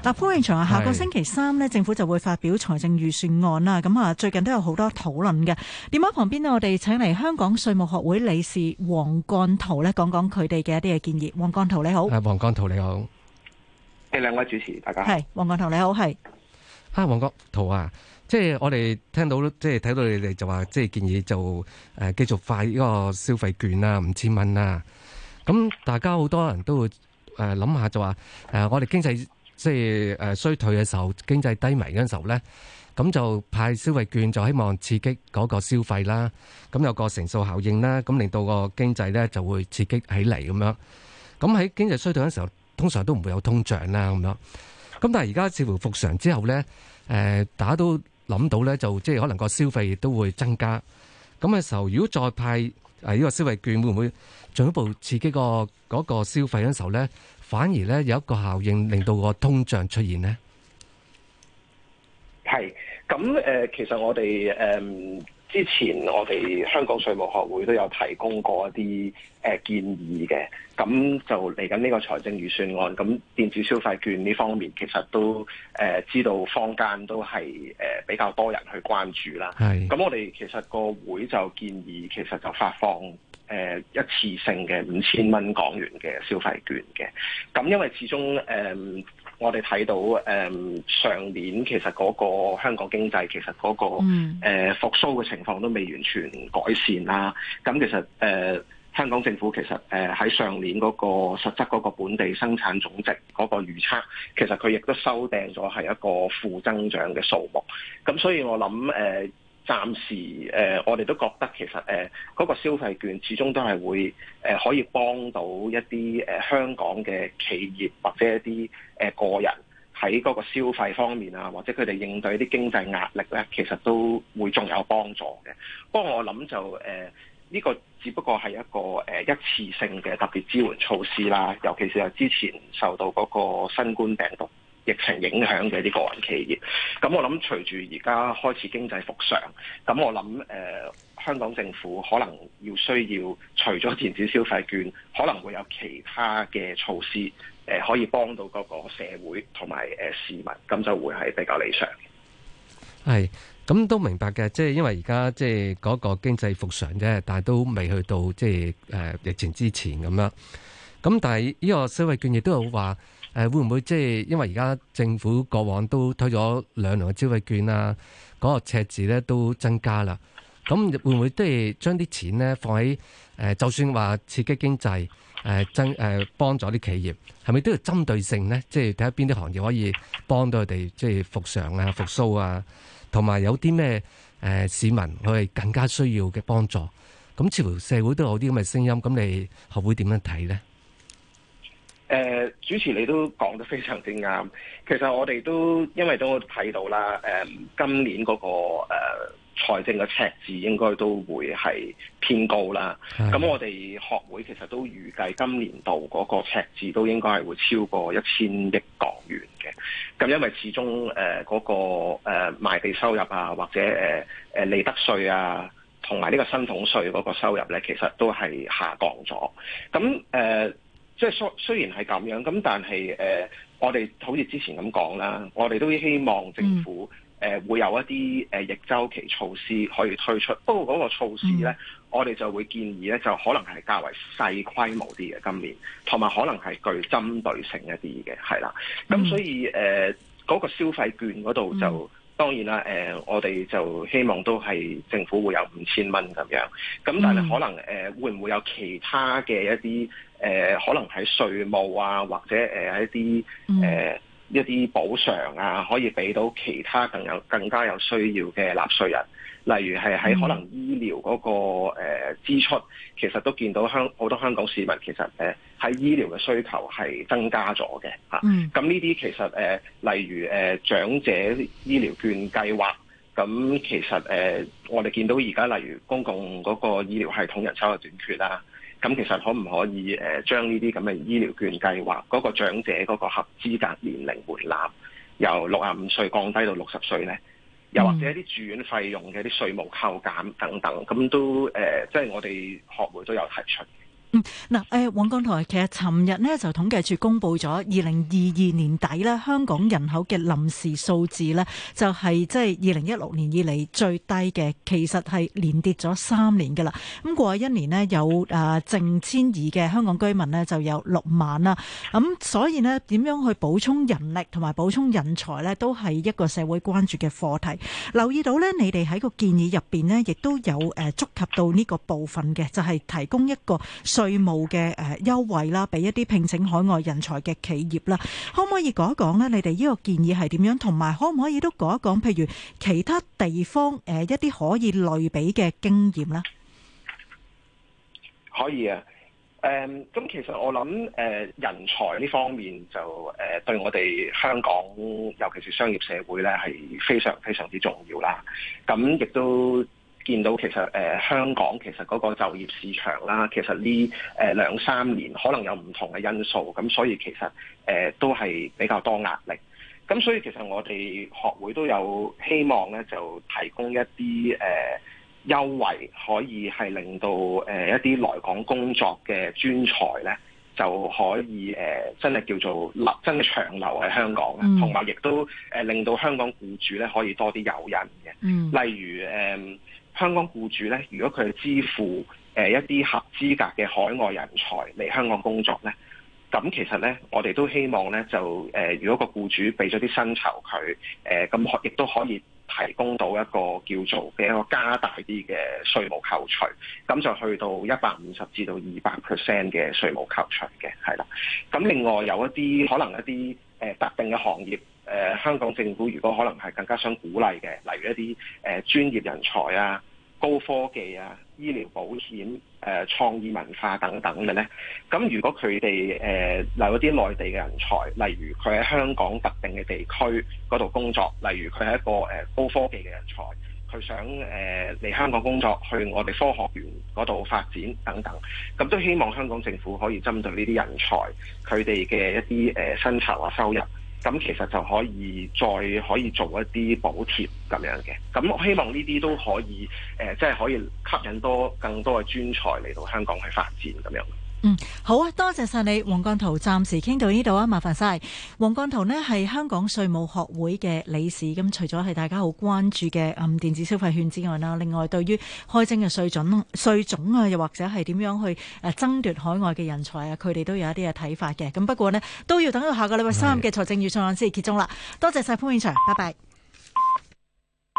嗱，潘永祥啊，下個星期三呢，政府就會發表財政預算案啦。咁啊，最近都有好多討論嘅。點解旁邊我哋請嚟香港稅務學會理事黃幹淘呢，講講佢哋嘅一啲嘅建議。黃幹淘你好，啊黃幹淘你好，誒兩位主持大家係黃幹淘你好係，啊黃國濤啊，即係我哋聽到即係睇到你哋就話，即係建議就誒繼續發呢個消費券啊，五千蚊啊。咁大家好多人都會誒諗下就話誒我哋經濟。即係誒，衰退嘅時候，經濟低迷嗰陣時候咧，咁就派消費券，就希望刺激嗰個消費啦。咁有個乘數效應啦，咁令到個經濟咧就會刺激起嚟咁樣。咁喺經濟衰退嘅時候，通常都唔會有通脹啦，咁樣。咁但係而家似乎復常之後咧，誒，大家都諗到咧，就即係可能個消費亦都會增加。咁嘅時候，如果再派誒呢個消費券，會唔會進一步刺激個嗰個消費嘅時候咧？反而咧，有一個效應，令到個通脹出現呢？係咁誒，其實我哋誒、呃、之前我哋香港稅務學會都有提供過一啲誒、呃、建議嘅。咁就嚟緊呢個財政預算案，咁電子消費券呢方面其實都誒、呃、知道坊間都係誒、呃、比較多人去關注啦。係咁，咁我哋其實個會就建議，其實就發放。誒一次性嘅五千蚊港元嘅消費券嘅，咁因為始終誒我哋睇到誒，上年其實嗰個香港經濟其實嗰個誒復甦嘅情況都未完全改善啦。咁其實誒香港政府其實誒喺上年嗰個實質嗰個本地生產總值嗰個預測，其實佢亦都修訂咗係一個負增長嘅數目。咁所以我諗誒。暫時我哋都覺得其實誒，嗰個消費券始終都係會可以幫到一啲香港嘅企業或者一啲個人喺嗰個消費方面啊，或者佢哋應對一啲經濟壓力咧，其實都會仲有幫助嘅。不過我諗就誒，呢個只不過係一個一次性嘅特別支援措施啦，尤其是係之前受到嗰個新冠病毒。疫情影響嘅一啲個人企業，咁我諗隨住而家開始經濟復常，咁我諗誒、呃，香港政府可能要需要除咗電子消費券，可能會有其他嘅措施，誒、呃、可以幫到嗰個社會同埋誒市民，咁就會係比較理想。係，咁都明白嘅，即係因為而家即係嗰個經濟復常啫，但係都未去到即係誒疫情之前咁樣，咁但係呢個消費券亦都有話。誒，會唔會即係因為而家政府過往都推咗兩輪嘅消費券啊，嗰、嗰個赤字咧都增加啦。咁會唔會都係將啲錢咧放喺誒，就算話刺激經濟，誒增誒幫助啲企業，係咪都要針對性咧？即係睇下邊啲行業可以幫到佢哋，即係復常啊、復蘇啊，同埋有啲咩誒市民佢更加需要嘅幫助。咁似乎社會都有啲咁嘅聲音，咁你學會點樣睇咧？誒、呃，主持你都講得非常之啱。其實我哋都因為都睇到啦、呃，今年嗰、那個誒、呃、財政嘅赤字應該都會係偏高啦。咁我哋學會其實都預計今年度嗰個赤字都應該係會超過一千億港元嘅。咁因為始終誒嗰、呃那個誒、呃、賣地收入啊，或者誒、呃、利得稅啊，同埋呢個薪俸稅嗰個收入咧，其實都係下降咗。咁誒。呃即係雖然係咁樣，咁但係誒、呃，我哋好似之前咁講啦，我哋都希望政府誒、呃、會有一啲誒逆周期措施可以推出。不過嗰個措施咧，我哋就會建議咧，就可能係較為細規模啲嘅今年，同埋可能係具針對性一啲嘅，係啦。咁所以誒，嗰、呃那個消費券嗰度就。當然啦，誒、呃，我哋就希望都係政府會有五千蚊咁樣，咁但係可能誒、呃，會唔會有其他嘅一啲誒、呃，可能喺稅務啊，或者、呃、一啲誒。呃嗯一啲補償啊，可以俾到其他更有更加有需要嘅納稅人，例如係喺、嗯、可能醫療嗰、嗰個、呃、支出，其實都見到香好多香港市民其實誒喺、呃、醫療嘅需求係增加咗嘅嚇。咁呢啲其實誒、呃，例如誒、呃、長者醫療券計劃。嗯嗯咁其實誒，我哋見到而家例如公共嗰個醫療系統人手嘅短缺啦，咁其實可唔可以誒將呢啲咁嘅醫療券計劃嗰個長者嗰個合資格年齡門檻由六十五歲降低到六十歲咧？又或者啲住院費用嘅啲稅務扣減等等，咁都誒，即係我哋學會都有提出。嗯，嗱、呃，誒，黃幹淘，其實尋日呢，就統計處公布咗二零二二年底呢，香港人口嘅臨時數字呢，就係即係二零一六年以嚟最低嘅，其實係連跌咗三年噶啦。咁過去一年呢，有誒淨遷移嘅香港居民呢，就有六萬啦。咁、嗯、所以呢，點樣去補充人力同埋補充人才呢？都係一個社會關注嘅課題。留意到呢，你哋喺個建議入邊呢，亦都有誒、呃、觸及到呢個部分嘅，就係、是、提供一個。稅務嘅誒優惠啦，俾一啲聘請海外人才嘅企業啦，可唔可以講一講呢？你哋呢個建議係點樣？同埋可唔可以都講一講？譬如其他地方誒一啲可以類比嘅經驗呢？可以啊。誒、嗯，咁其實我諗誒人才呢方面就誒對我哋香港，尤其是商業社會呢，係非常非常之重要啦。咁亦都。見到其實、呃、香港其實嗰個就業市場啦，其實呢誒、呃、兩三年可能有唔同嘅因素，咁所以其實、呃、都係比較多壓力。咁所以其實我哋學會都有希望咧，就提供一啲誒、呃、優惠，可以係令到、呃、一啲來港工作嘅專才咧，就可以、呃、真係叫做留真係長留喺香港，同埋亦都、呃、令到香港僱主咧可以多啲留人嘅，例如、呃香港僱主咧，如果佢支付誒一啲合資格嘅海外人才嚟香港工作咧，咁其實咧，我哋都希望咧就、呃、如果個僱主俾咗啲薪酬佢誒，咁可亦都可以提供到一個叫做嘅一個加大啲嘅稅務扣除，咁就去到一百五十至到二百 percent 嘅稅務扣除嘅，係啦。咁另外有一啲可能一啲特定嘅行業、呃，香港政府如果可能係更加想鼓勵嘅，例如一啲誒、呃、專業人才啊。高科技啊，醫療保險、呃、創意文化等等嘅咧，咁如果佢哋誒留一啲內地嘅人才，例如佢喺香港特定嘅地區嗰度工作，例如佢係一個、呃、高科技嘅人才，佢想誒嚟、呃、香港工作，去我哋科學園嗰度發展等等，咁都希望香港政府可以針對呢啲人才佢哋嘅一啲誒、呃、薪酬啊、收入，咁其實就可以再可以做一啲補貼。咁樣嘅，咁我希望呢啲都可以，誒、呃，即係可以吸引多更多嘅專才嚟到香港去發展咁樣。嗯，好啊，多謝晒你，黃幹淘，暫時傾到呢度啊，麻煩晒。黃幹淘呢係香港稅務學會嘅理事，咁、嗯、除咗係大家好關注嘅暗、嗯、電子消費券之外啦，另外對於開徵嘅稅準、稅種啊，又或者係點樣去誒爭奪海外嘅人才啊，佢哋都有一啲嘅睇法嘅。咁不過呢，都要等到下個禮拜三嘅財政預算案先結束啦。多謝晒潘綺祥，拜拜。